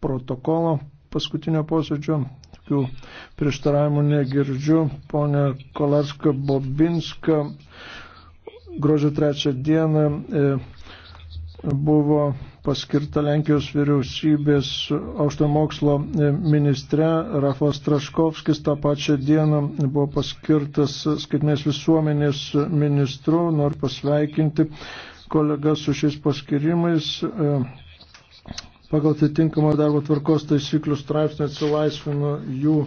protokolo paskutinio posėdžio. Tokių prieštaravimų negirdžiu. Pone Kolarska Bobinska gruodžio trečią dieną e, buvo paskirta Lenkijos vyriausybės aukštojo mokslo e, ministre Rafos Traškovskis. Ta pačia diena buvo paskirtas skaitmės visuomenės ministru. Noriu pasveikinti kolegas su šiais paskirimais. E, pagal atitinkamą darbo tvarkos taisyklių straipsnį atsilaisvino jų